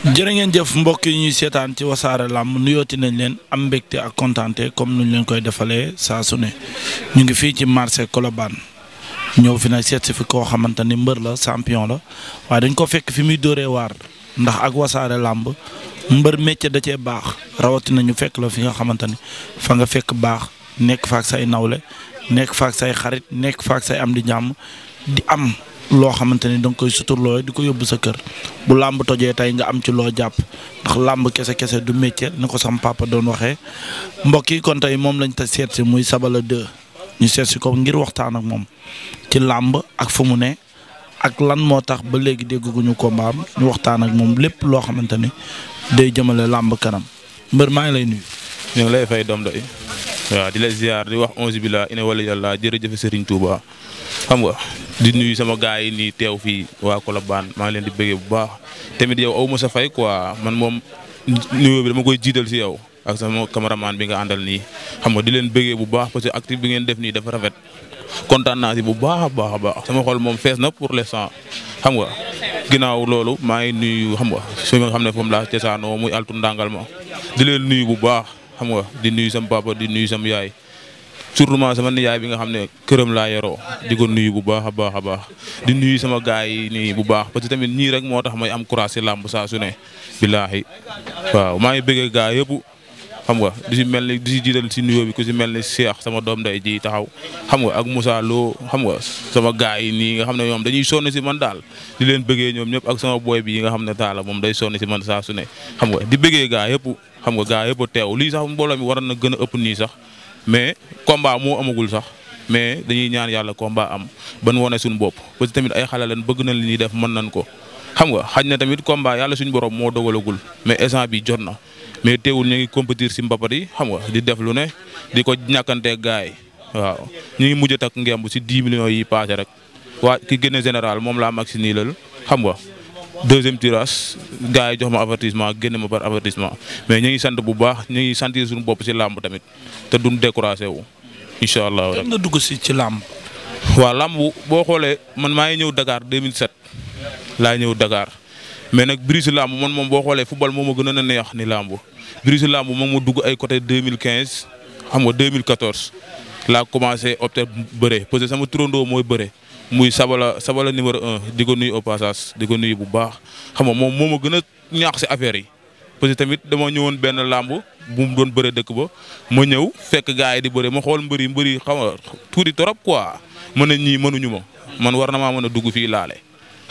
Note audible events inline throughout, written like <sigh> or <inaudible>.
jërë ngeen jëf mbokk yi ñuy seetaan ci wasaare làmb nuyooti nañ leen am mbégte ak kontaante comme nuñ leen koy defalee saa su ne ñu ngi fii ci marché kolobaan ñëw fi nag seet si fi koo xamante ni mbër la champion la waaye dañ ko fekk fi muy dóoree waar ndax ak wasaare làmb mbër métier da cee baax rawatina ñu fekk la fi nga xamante ni fa nga fekk baax nekk faak say nawle nekk faak say xarit nekk fa ak say am di jàmm di am loo xamante ni da nga koy di ko yóbbu sa kër bu làmb tojee tey nga am ci loo jàpp ndax làmb kese kese du métier ni ko sam doon waxee mbokk yi kon tey moom lañ te seet si muy Sabala 2 ñu seet si ko ngir waxtaan ak moom ci làmb ak fu mu ne ak lan moo tax ba léegi dégguñu combat am waxtaan ak moom lépp loo xamante ni day jëmale làmb kanam mbër maa ngi lay nuyu. ñu ngi lay fay doom doy waa di la ziar di wax onze bi laa ina wala yàlla jërëjëf Serigne Touba xam nga. di nuyu sama gars yi nii teew fii waa Colobane maa leen di bëggee bu baax tamit yow aw ma sa fay quoi man moom nuyoo bi dama koy jiital si yow ak sama cameraman bi nga àndal nii xam nga di leen bëggee bu baax parce que actif bi ngeen def nii dafa rafet kontaan naa si bu baax a baax a baax sama xol moom fees na pour l'instant xam nga ginnaaw loolu maa ngi nuyu xam nga su nga xam ne foofu laa cosaanoo muy altu ndàngal ma di leen nuyu bu baax xam nga di nuyu sam papa di nuyu sama yaay. surtout ma sama nijaay bi nga xam ne këram laa yoroo di ko nuyu bu baax a baax a baax di nuyu sama gaay yi nii bu baax parce que tamit ñii rek moo tax may am courage ci làmb saa su waaw maa ngi bëggee gaay yëpp xam nga di si mel ni di si jiital si nuyoo bi ku si mel ni Cheikh sama doom day ji taxaw xam nga ak Moussa Lo xam nga sama gaay yi nii nga xam ne ñoom dañuy sonn si man daal di leen bëggee ñoom ñëpp sama boy bi yi nga xam ne taala moom day sonn si man saa su ne xam nga di bëggee gaay yëpp xam nga gaay yëpp teew lii sax mbooloo mi waroon na gën a ëpp nii sax mais combat moo amagul sax mais dañuy ñaan yàlla combat am ban wane suñu bopp parce que tamit ay xale lañ bëgg nañ li ñuy def man nañ ko. xam nga xaj na tamit combat yàlla suñu borom moo dogalagul mais instant bi jot na mais teewul ñu ngi compétir si mbapat yi xam nga di def lu ne di ko ñàkkantee gaay yi waaw ñu ngi mujj a takk ngemb si 10 million yi paase rek waa ki gën général moom laa mag si nii lal xam nga. deuxième tirage gars yi jox ma avertissement génne ma par avertissement mais ñu ngi sant bu baax ñu ngi sentir suñu bopp ci làmb tamit te du découragé wu incha allah. nga dugg si ci làmb. waaw làmb boo xoolee man maa ngi ñëw Dakar 2007 laa ñëw dakaar mais nag Brise làmb man moom boo xoolee football moom ma gën a neex ni làmb Brise làmb moom ma dugg ay côté 2015 xam nga 2014 laa commencé opté bëre parce que sama turandoo mooy bëre. muy Sabala Sabala numéro un di ko nuyu au passage di ko nuy bu baax xam nga moom moo ma gën a ñaax si affaire yi. parce que tamit dama ñëwoon benn làmb bu mu doon bëre dëkk ba ma ñëw fekk gars yi di bëre ma xool mbëri mbëri xam nga tuuti trop quoi mën na ñii mënuñu ma man war na maa mën a dugg fii laale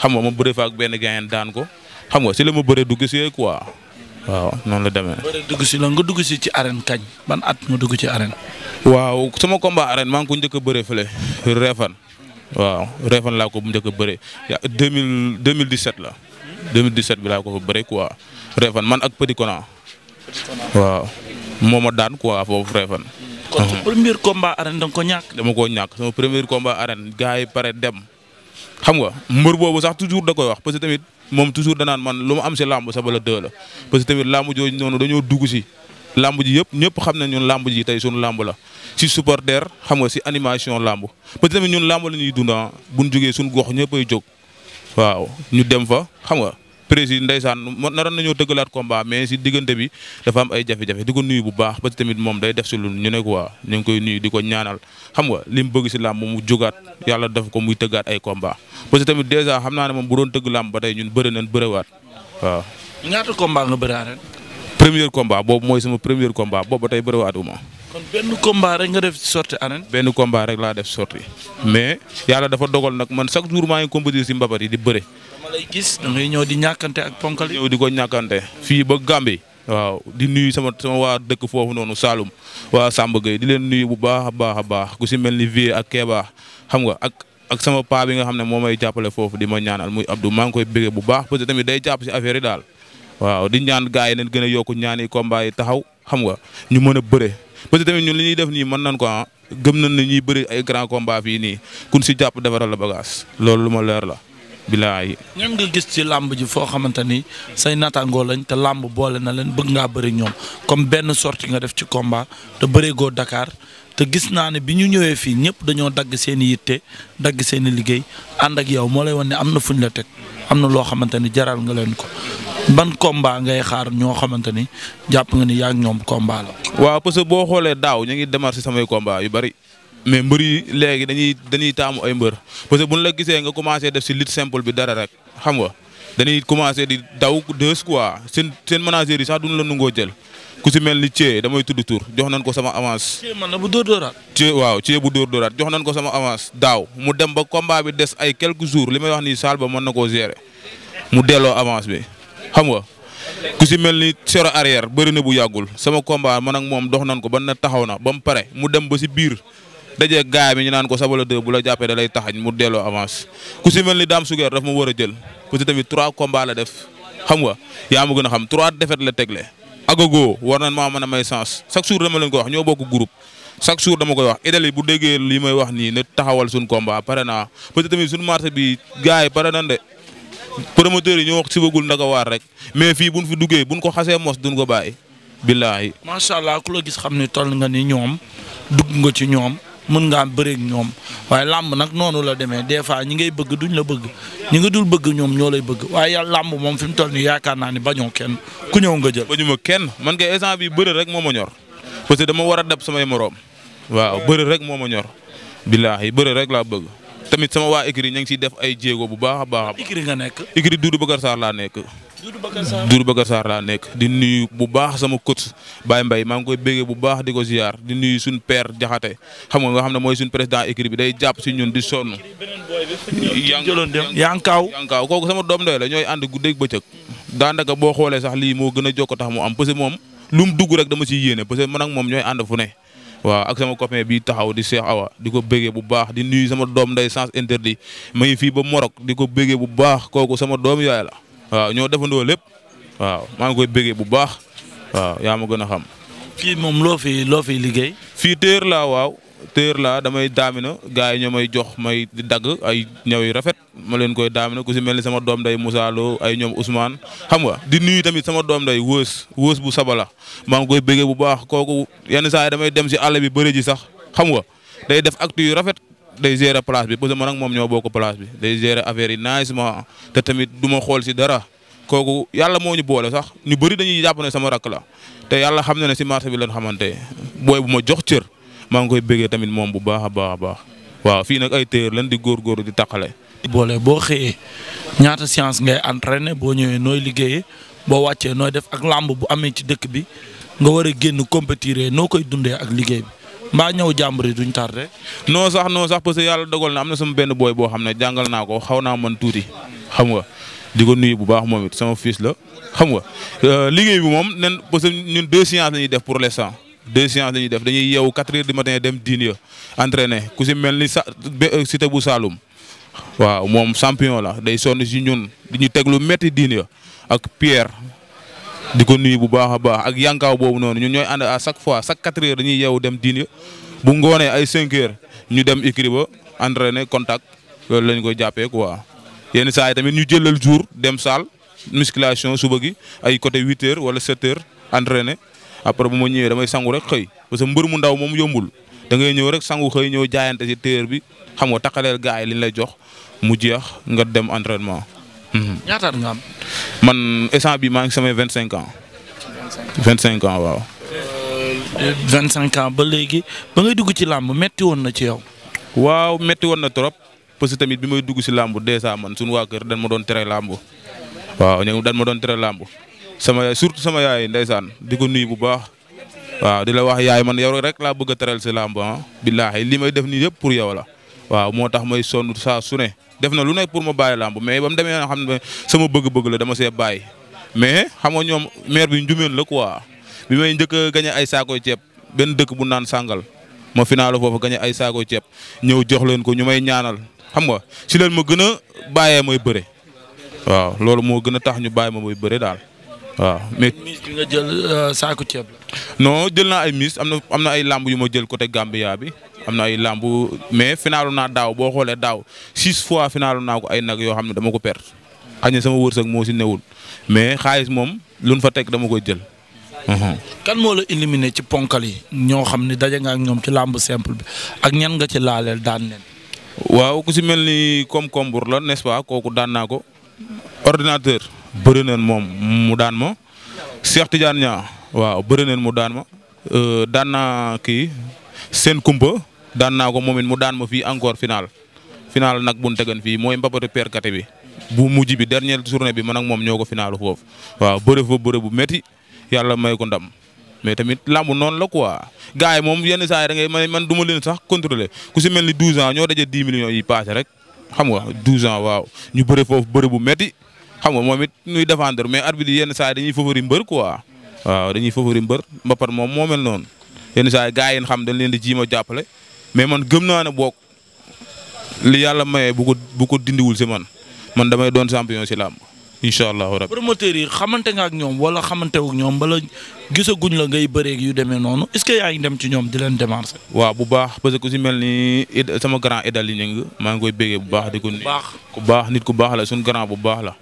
xam nga ma bëre fa ak benn gayen daan ko xam nga si la ma bëre dugg si quoi. waaw noonu la demee. bëre dugg si la nga dugg si ci arène kañ ban at nga dugg ci arène. waaw sama combat arène maa ngi ko njëkk a bëre fële Réfane waaw Réfane laa ko bu njëkk a bëre deux mille deux mille dix sept la. deux mille dix sept bi laa ko fa bëre quoi Réfane man ak Petit Kona. waaw moo ma daan quoi foofu Réfane. kon sa premier combat arène da ko ñàkk. dama koo ñàkk sama premier combat arène gars yi pare dem. xam nga mbër boobu sax toujours da koy wax parce que tamit moom toujours danaan man lu ma am si làmb Sabala 2 la parce que tamit làmb jooju noonu dañoo dugg si lamb ji yëpp ñëpp xam na ñun làmb ji tey suñu lamb la si supporter xam nga si animation lamb peut-être tamit ñun lamb la ñuy dund ah. bu ñu jógee suñu gox ñëppay jóg waaw ñu dem fa xam nga président ndeysaan naroon nañoo tëggalaat combat mais si diggante bi dafa am ay jafe-jafe di ko nuyu bu baax ba que tamit moom day def si lu ñu ne quoi ñu ngi koy nuyu di ko ñaanal xam na li mu bëgg si làmb mu jógaat yàlla def ko muy tëggaat ay combat parce tamit dèjà xam naa ne moom bu doon tëgg làmb ba tey ñun bëri nañ bëriwaat ñaata combat nga bëri premier combat boobu mooy sama premier combat boobu tay tey bëriwaatuma. kon benn combat rek nga def sorti arène. benn combat rek laa def sorti mais yàlla dafa dogal nag man chaque jour maa ngi compétir si mbapat yi di bëre. dama lay gis ñëw di ñàkkante ak ponkal yi. di ko ñàkkante fii ba Gambie. waaw di nuyu sama sama waa dëkk foofu noonu saalum waa Samba Gueye di leen nuyu bu baax a baax a baax ku si mel ni vie ak Kéba xam nga ak ak sama paa bi nga xam ne moo may jàppale foofu di ma ñaanal muy Abdou bu baax day jàpp si affaire daal. waaw di ñaan gars yi nañ gën a yokk ñaani yi combat taxaw xam nga ñu mën a bëre parce que tamit ñun li ñuy def nii mën nañ ko a ah. gëm nañ ne ñuy bëri ay grand combat fii nii kun si jàpp defaral la bagage loolu lu ma leer la bilaay. ñan nga gis ci làmb ji foo xamante ni say naataangoo lañ te làmb boole na leen bëgg ngaa bëri ñoom comme benn sortie nga def ci combat te bëree goo Dakar te gis naa ne bi ñu ñëwee fii ñëpp dañoo dagg seeni yitte dagg seeni liggéey ànd ak yow moo lay ne am na fu la teg am na loo xamante ni jaral nga leen ko ban combat ngay xaar ñoo xamante ni jàpp nga ni yaa ñoom combat la. waaw parce que boo xoolee daaw ñu ngi démarché samay combat yu bari mais mbër yi léegi dañuy dañuy taamu ay mbër parce que buñ la gisee nga commencé def si lutte simple bi dara rek xam nga dañuy commencé di daw deux quoi seen seen manager yi sax duñ la nangoo jël. ku si mel ni ci damay tudd tur jox nañ ko sama avance. Thié bu dóor dóoraat. waaw Thié bu dóor dóoraat jox nañ ko sama avance daaw mu dem ba combat bi des ay quelque jours li may wax ni saal ba mën na koo gérer mu delloo avance bi. xam nga ku si mel ni sero arrière bëri na bu yàggul sama combat man ak moom dox nan ko ba na taxaw na ba mu pare mu dem ba si biir dajee gaay mi ñu naan ko sabala deux bu la jàppee da lay taxañ mu delloo avance ku mel ni daam sugeer daf ma war a jël parce que tamit trois combats la def xam nga yaa ma gën a xam trois défaites la tegle agogo war nañ ma mën a may sens chaque jour dama leen ko wax ñoo bokk groupe chaque jour dama koy wax idali bu déggee li may wax nii na taxawal suñ combat pare naa parce promoteurs i ñoo wax sibagul waar rek mais fii buñ fi duggee buñ ko xasee mos duñ ko bàyyi billaahi. macha allah ku la gis xam ne toll nga ni ñoom dugg nga ci ñoom mën ngaa bëreeg ñoom waaye làmb nag noonu la demee des fois ñi ngay bëgg duñ la bëgg ñi nga dul bëgg ñoom ñoo lay bëgg waaye yàlla làmb moom fi mu toll nii yaakaar naa ni bañoo ken ku ñëw nga jël. bañuma kenn man kay instant bi bëre rek moom ma ñor parce que dama war a dab samay moroom waaw bëre rek moo ma ñor billaahi bëre rek laa bëgg. tamit sama waa écurie ñu ngi ciy def ay jéego bu baax a baax. écurie nga nekk. écurie Doudou Bakar Sarr laa nekk. Doudou Bakar Sarr Doudou laa nekk. di nuyu bu baax sama coach Baye Mbaye maa ngi koy béggee bu baax di ko ziar di nuyu suñu per Jaxate xam nga nga xam ne mooy suñu président écurie bi day jàpp si ñun di sonn. yankaaw yankaaw kooku sama doom doy la ñooy ànd guddeeg bëccëg. daanaka boo xoolee sax lii moo gën a jokko tax mu am parce que moom lu mu dugg rek dama ciy yéene parce que man moom ñooy ànd fu ne waaw ak sama copain bi taxaw di Cheikh Awa di ko bëggee bu baax di nuyu sama doom nday sens interdit ma ngi fii ba Morok di ko bëggee bu baax kooku sama doom yaay la waaw ñoo defandoo lépp waaw maa ngi koy bëggee bu baax waaw yaa ma gën a xam. fii moom loo fi loo fiy liggéey. fii téer laa waaw téer laa damay daamina gars yi ñoo may jox may dagg ay ñaw yu rafet ma leen koy daamina ku si mel ni sama doom day Moussa Lo ay ñoom Ousmane xam nga di nuyu tamit sama doom day wës wës bu sabala maa ngi koy bëggee bu baax kooku yenn saa damay dem si àll bi bëri ji sax xam nga day def acte yu rafet day gérer place bi parce que man ak moom ñoo bokk place bi day gérer affaire yi nicement te tamit du xool si dara kooku yàlla moo ñu boole sax ñu bëri dañuy jàpp ne sama rakk la te yàlla xam na ne si marché bi lañ xamante booy bu ma jox cër maa ngi koy bëggee tamit moom bu baax a baax a baax waaw fi nag ay téer lan di góorgóorlu di taqale. boole boo xëyee ñaata séance ngay entraîné boo ñëwee nooy liggéeye boo wàccee nooy def ak làmb bu amee ci dëkk bi nga war a génn compétir noo koy dundee ak liggéey bi. mbaa ñëw jàmbur yi duñ tardé. noo sax noo sax parce que yàlla dogal na am na sama benn booy boo xam ne jàngal naa ko xaw naa man tuuti xam nga di ko nuyu bu baax moom it sama fils la xam nga euh, liggéey bi moom nen parce que ñun deux la ñuy def pour l'instant deux séances la ñuy def dañuy yeewu quatre heures du matin dem diin ya entraîner ku si mel ni sa cité euh, bu Saloum waaw moom champion la day sonn si ñun di ñu teg lu métti diin ya ak Pierre di ko nuyu bu baax a baax ak yankaaw boobu noonu ñun ñooy ànd à chaque fois chaque quatre heures dañuy yeewu dem diin ya bu ngoonee ay cinq heures ñu dem écrit ba entraîner contact loolu lañ koy jàppee quoi yenn saa yi tamit ñu jëlal jour dem salle musculation suba gi ay côté huit wala sept heures entraîner après bu ma ñëwee damay sangu rek xëy parce que mbër mu ndaw moom yombul da ngay ñëw rek sangu xëy ñëw jaayante ci téer bi xam nga takkaleel gars yi li lay jox mu jeex nga dem entraînement. Mhm. ñaata at man instant bi maa ngi samay vingt cinq ans. vingt cinq waaw. Euh, vingt cinq ans ba léegi ba ngay dugg ci làmb metti woon na ci yow. waaw metti woon na trop parce que tamit bi may dugg si làmb dèjà man suñu waa kër dañ ma doon tere làmb waaw ñoom dañ ma doon tere làmb sama yaay surtout sama yaay ndeysaan di ko nuyu bu baax waaw di la wax yaay man yow rek laa bëgg a teral si làmb ah billaahi li may def nii yëpp pour yow la waaw moo tax may sonn saa su ne def na lu ne pour ma bàyyi làmb mais ba mu demee xam ne sama bëgg-bëgg la dama see bàyyi mais xam nga ñoom maire bi njumeen la quoi bi may njëkk a gañe ay saakoy ceeb benn dëkk bu naan sàngal ma finaalu foofu gañe ay saakoy ceeb ñëw jox leen ko ñu may ñaanal xam nga si leen ma gën a bàyyee mooy bëre waaw loolu moo gën a tax ñu bàyyi ma mooy bëre daal waaw mais miss bi nga jël euh, saako ceeb la. non jël naa ay miss am na am na ay làmb yu ma jël côté Gambia bi am na ay làmb mais finaalu naa daaw boo xoolee daaw six fois finaalu naa ko ay nag yoo xam ne dama ko perte. xëy na sama wërsëg moo si newul mais xaalis moom lu fa teg dama koy jël. Mhm. kan moo la éliminé ci ponkal yi. ñoo xam ne daje nga ak ñoom ci làmb simple bi ak ñan nga ci laaleel daan leen. waaw ku si mel ni comme Kombur la n'est-ce pas kooku daan naa ko. ordinateur bëri neen moom mu daan ma Cheikh Tidiane Niang waaw bëri neen mu daan ma euh, daan naa kii seen kumpa daan naa ko moom it mu daan ma fii encore final final nag bu ñu tegan fi mooy mbapatu perkate bi bu mujj bi dernière journée bi man ak moom ñoo ko finalu foofu waaw bëre fa bëre bu meti yàlla may ko ndam mais tamit làmb noonu la quoi gars yi moom yenn saa yi man man leen sax contrôler ku si mel ni 12 ans ñoo daje 10 millions yi passé rek. xam nga 12 ans waaw ñu bëre foofu bëre bu metti xam nga moom it ñuy défendre mais arbitre yi yenn saa yi dañuy favori mbër ko waaw dañuy favori mbër ba par moom moo mel noonu yenn saa yi gars yi xam dañ leen di jiima jàppale mais man gëm naa ne boog li yàlla maye bu ko bu ko dindiwul si man man damay doon champion si làmb incha allahu rabi promoteurs yi xamante nga ak ñoom wala xamante wu ñoom bala gisaguñ la ngay bëreeg yu demee noonu est ce que dem ci ñoom di leen démarché. waaw bu baax parce que ku si mel ni sama grand Idali Ñing maa ngi koy béggee bu baax di ko. bu baax ku baax nit ku baax la suñu grand bu baax la.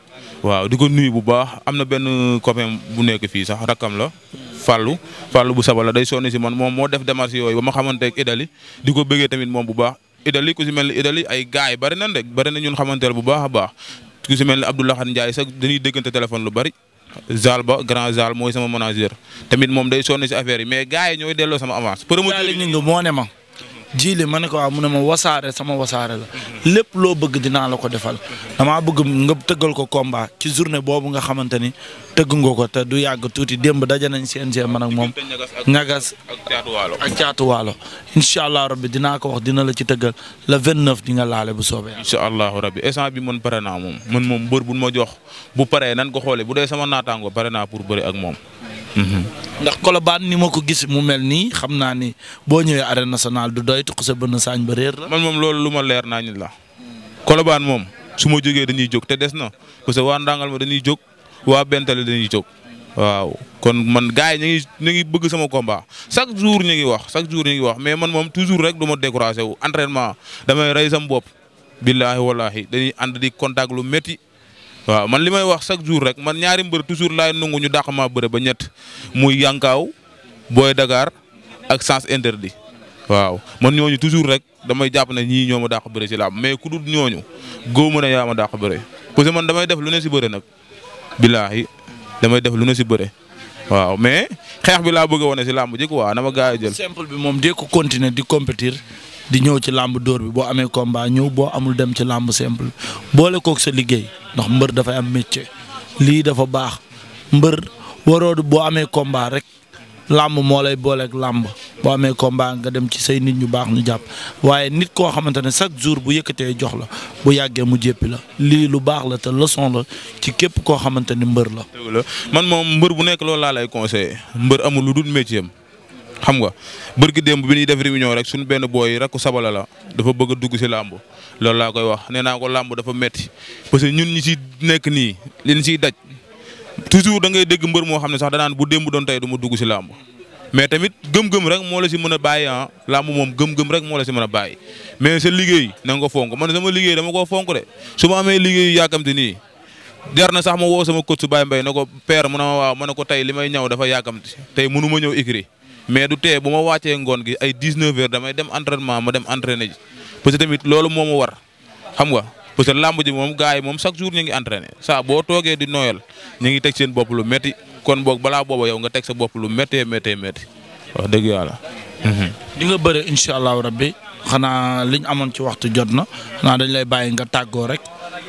waaw di ko nuyu bu baax am na benn copain bu nekk fii sax rakkam la. Fallou Fallou bu sabal la day sonn si man moom moo def démarche yooyu ba ma xamante ak Idali di ko bëggee tamit moom bu baax Idali ku si mel ni Idali ay gars yi bari nañ rek bari na ñun xamanteel bu baax a baax ku si mel ne Abdoulaye Ndiaye sax dañuy déggante téléphone lu bari. Zal ba grand Zal mooy sama manager tamit moom day sonn si affaire yi mais gars ñooy delloo sama avance. promoteur bi moo ne ma. jiili ma ne ko waaw ne ma wasaare sama wasaare la lépp loo bëgg dinaa la ko defal damaa bëgg nga tëggal ko combat ci journée boobu nga xamante ni tëgg nga ko te du yàgg tuuti démb daje nañ CNG man ak moom ñagas ak caatuwaalo incha allah rabbi dinaa ko wax dina la ci tëggal le 29 di nga laale bu soobee incha allahu rabbi instant bi man pare naa moom man moom bër bu ma jox bu paree nan ko xoolee bu dee sama naataango pare naa pour bëri ak moom Mhm. ndax Colobane ni ma ko gis mu mel nii xam naa ni boo ñëwee arène nationale du doy tuq sa bënn saañ ba réer la. man moom loolu lu ma leer naa ñu la Colobane moom su ma jógee dañuy jóg te des na parce que waa Ndangal ma dañuy jog waa Bentale dañuy jóg. waaw kon man gars yi ñu ngi ñu ngi bëgg sama combat chaque jour ñu ngi wax chaque jour ñu wax mais man moom toujours rek du ma découragé wu entraînement damay rey sam bopp. billaahi walaahi dañuy ànd di contact lu métti waaw man li may wax chaque jour rek man ñaari mbër toujours laay nungu ñu dàq maa bëre ba ñett muy yankaaw booy Dakar ak sens interdit waaw man ñooñu toujours rek damay jàpp ne ñii ñoo ma dàq bëre si laam mais ku dul ñooñu góob ma ne yaa ma dàq bëre parce man damay def lu ne si bëre nag billaahi damay def lu ne si bëre. waaw mais xeex bi laa bëgg a wane si làmb ji waa na ma gaa yi jël. simple bi moom dee ko continuer di compétir di ñëw ci làmb dóor bi boo amee combat ñëw boo amul dem ci làmb simple boole kook sa liggéey ndax mbër dafay am métier lii dafa baax mbër waroodu boo amee combat rek làmb moo lay booleek làmb boo amee kombaa nga dem ci say nit ñu baax ñu jàpp waaye nit koo xamante ne chaque jour bu yëkkatee jox la bu yàggee mu jéppi la lii lu baax la te leçon la ci képp koo xamante ni mbër la. man moom mbër bu nekk loolu laa lay conseillé mbër amul lu dul métier xam nga bër démb bi ñuy def réunion rek suñu benn booy rakku sabala la dafa bëgg a dugg si làmb loolu laa koy wax ne naa ko làmb dafa metti parce que ñun ñi si nekk nii liñ siy daj toujours da ngay dégg mbër moo xam ne sax danaan bu démb doon tey du ma dugg si làmb mais tamit gëm-gëm rek moo la si mën a bàyyi ah làmb moom gëm-gëm rek moo la si mën a bàyyi mais sa liggéey na nga ko fonk man sama liggéey dama koo fonk de su ma amee liggéey yàkkamti nii jar na sax ma woo sama coach su Baye na ko père mu ne ma waaw ma ne ko tey li may ñëw dafa yàkkamti tey mënu ñëw écrit mais du tee bu ma wàccee ngoon gi ay 19 heures damay dem entraînement ma dem entraîné ji parce que tamit loolu moo ma war xam nga parce que làmb ji moom gars yi moom chaque jour ñu ngi entraîné saa boo toogee di nooyal ñu ngi teg seen bopp lu métti kon boog balaa booba yow nga teg sa bopp lu méttee méttee métti wax dëgg yàlla. Mhm. di nga bëre incha allahu rabbi xanaa liñ amoon ci waxtu jot na xanaa dañ lay bàyyi nga tàggoo rek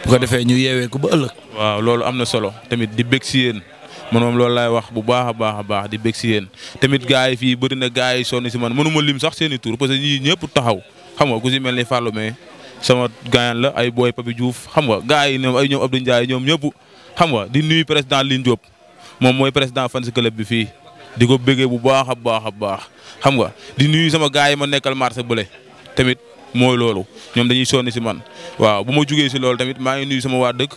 bu ko defee ñu yeewee ko ba ëllëg. waaw loolu am na solo tamit di bëgg si yéen man moom loolu laay wax bu baax a baax a baax di bég si yéen tamit gars yi fii bëri na gars yi sonn si man mënuma lim sax seeni tur parce que ñii taxaw xam nga ku si mel ni Fallou mais sama gaañan la ay booy Papi Diouf xam nga gars yi ñoom ay ñoom Abdou Ndiaye ñoom ñëpp xam nga di nuyu président Lin Diop moom mooy président fans club bi fii di ko bëggee bu baax a baax a baax xam nga di nuyu sama gars yi ma nekkal marché bële tamit mooy loolu ñoom dañuy sonni si man waaw bu ma jugee si loolu tamit maa ngi nuyu sama waa dëkk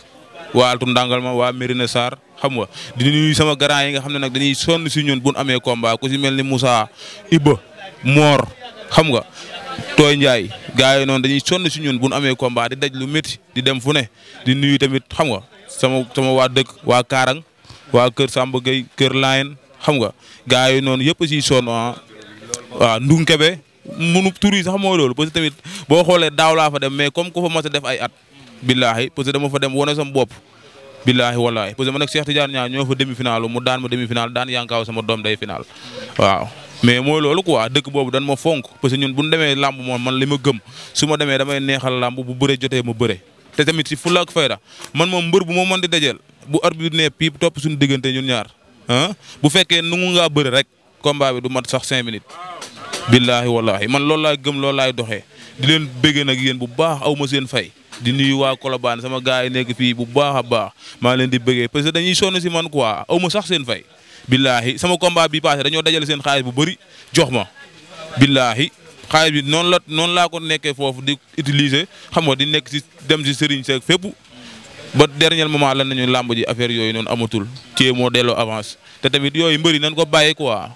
waa Altu Ndangal ma waa Mérina saar xam nga di nuyu sama grand yi xam ne nag dañuy sonn si ñun bu ñu amee combat si mel ni Moussa Iba Mor xam nga Tooy Ndiaye gars yi noonu dañuy sonn si ñun bu ñu amee combat di daj lu métti di dem fu ne di nuyu tamit xam nga sama sama waa dëkk waa Kaarang waa Kër Samba Gueye Kër Layen xam nga gars yi noonu yëpp siy sonn ah waaw Ndounkebe munu tur yi sax mooy loolu tamit boo xoolee daaw laa fa dem mais comme ku fa mos a def ay at. billaahi parce que dama fa dem wane sama bopp. billaahi wallaahi parce que man ak Cheikh Tidiane Niang ñoo fa demi final mu daan ma demi final daan yankaaw sama dëkk boobu dan ma fonk parce que ñun bu ñu demee làmb li ma gëm su ma demee damay neexal làmb bu bëree jotee ma bëre te tamit si fulla ak fayda man moom mbër bu ma mën di dajeel bu arbitre ne piip topp suñu diggante ñun ñaar ah bu fekkee nangu ngaa bëre rek combat bi du mat sax cinq minutes billaahi wallaahi man loolu laay gëm loolu laay doxee di leen bëggee nag yéen bu baax aw ma seen fay di nuyu waa Colobane sama gars yi nekk fii bu baax baax maa leen di bëggee parce que dañuy sonn si man quoi a ma sax seen fay. billaahi sama kombaa bi passé dañoo dajale seen xaalis bu bari jox ma billaahi xaalis bi noonu la noonu laa ko nekkee foofu di utiliser xam nga di nekk si dem si sëriñ seeg fépp. ba dernier moment lan nañu làmb ji affaire yooyu noonu amatul ci moo delloo avance te tamit yooyu mbëri nan ko bàyyi quoi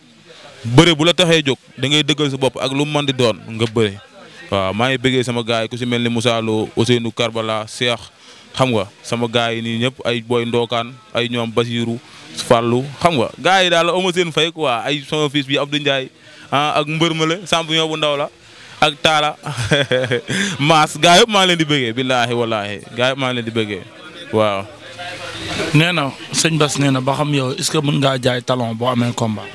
bëre bu la taxee jóg da ngay dëggal sa bopp ak lu mu mën di doon nga bëre waaw maa ngi bëggee sama gars yi ku si mel ni Moussa Lo Ousseynou Karbala Cheikh xam nga sama gars yi nii ñëpp ay booy ndookaan ay ñoom Basiirou Fallou xam nga gars yi daal amoo seen fay quoi ay sama fils bi Abdou Ndiaye ah ak mbër ma la champion bu ndaw la ak Talla <laughs> Maas gars yëpp maa leen di bëggee billaahi wallaahi gars yëpp maa leen di bëggee waaw. nee na sëñ Bass nee na ba xam yow est-ce que mën ngaa jaay talon boo amee combat.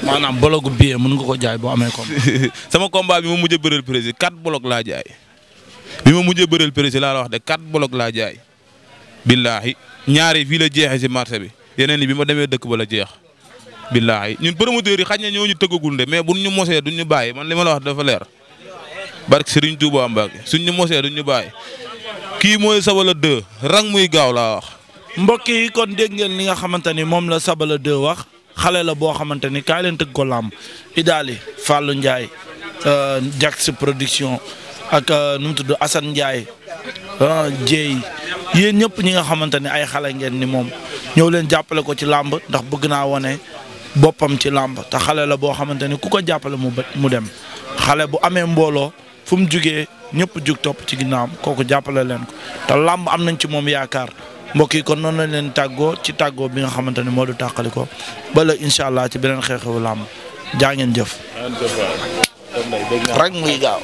maanaam bologu billet mën nga ko jaay boo amee combat. <laughs> sama combat bi ma mujj a bëreel prési quatre bolog laa jaay bi ma mujj a bëreel prési laa la wax de quatre bolog laa jaay. billaahi ñaari fii la jeexee si marché bi yeneen yi bi ma demee dëkk ba la jeex. billaahi ñun promoteurs yi xaj na ñoo ñu tëggagul de mais buñ ñu mosee duñ ñu bàyyi man li ma la wax dafa leer. barke Serigne Touba Mbacke suñ ñu mosee duñ ñu bàyyi kii mooy Sabala 2 rang muy gaaw laa wax. mbokk yi kon dégg ngeen li nga xamante ni moom la Sabala 2 wax. xale la boo xamante ni kaay leen tëgg ko làmb Idaali Fallou Ndiaye euh, Jax production ak euh, nu mu tudd Assane Ndiaye ah Dieye ñëpp ñi nga xamante ne ay xale ngeen ni moom ñëw leen jàppale ko ci làmb ndax bëgg naa wane boppam ci làmb te xale la boo xamante ni ku ko jàppale mu mu dem xale bu amee mbooloo fu mu jugee ñëpp jug topp ci ginnaawam kooku jàppale leen ko te làmb am nañ ci moom yaakaar. mbokk yi kon noonu lañ leen tàggoo ci tàggoo bi nga xamante ne moo du tàqali ko ba la incha allah ci beneen xew-xewu làmb jaa ngeen jëf. rek muy gaaw.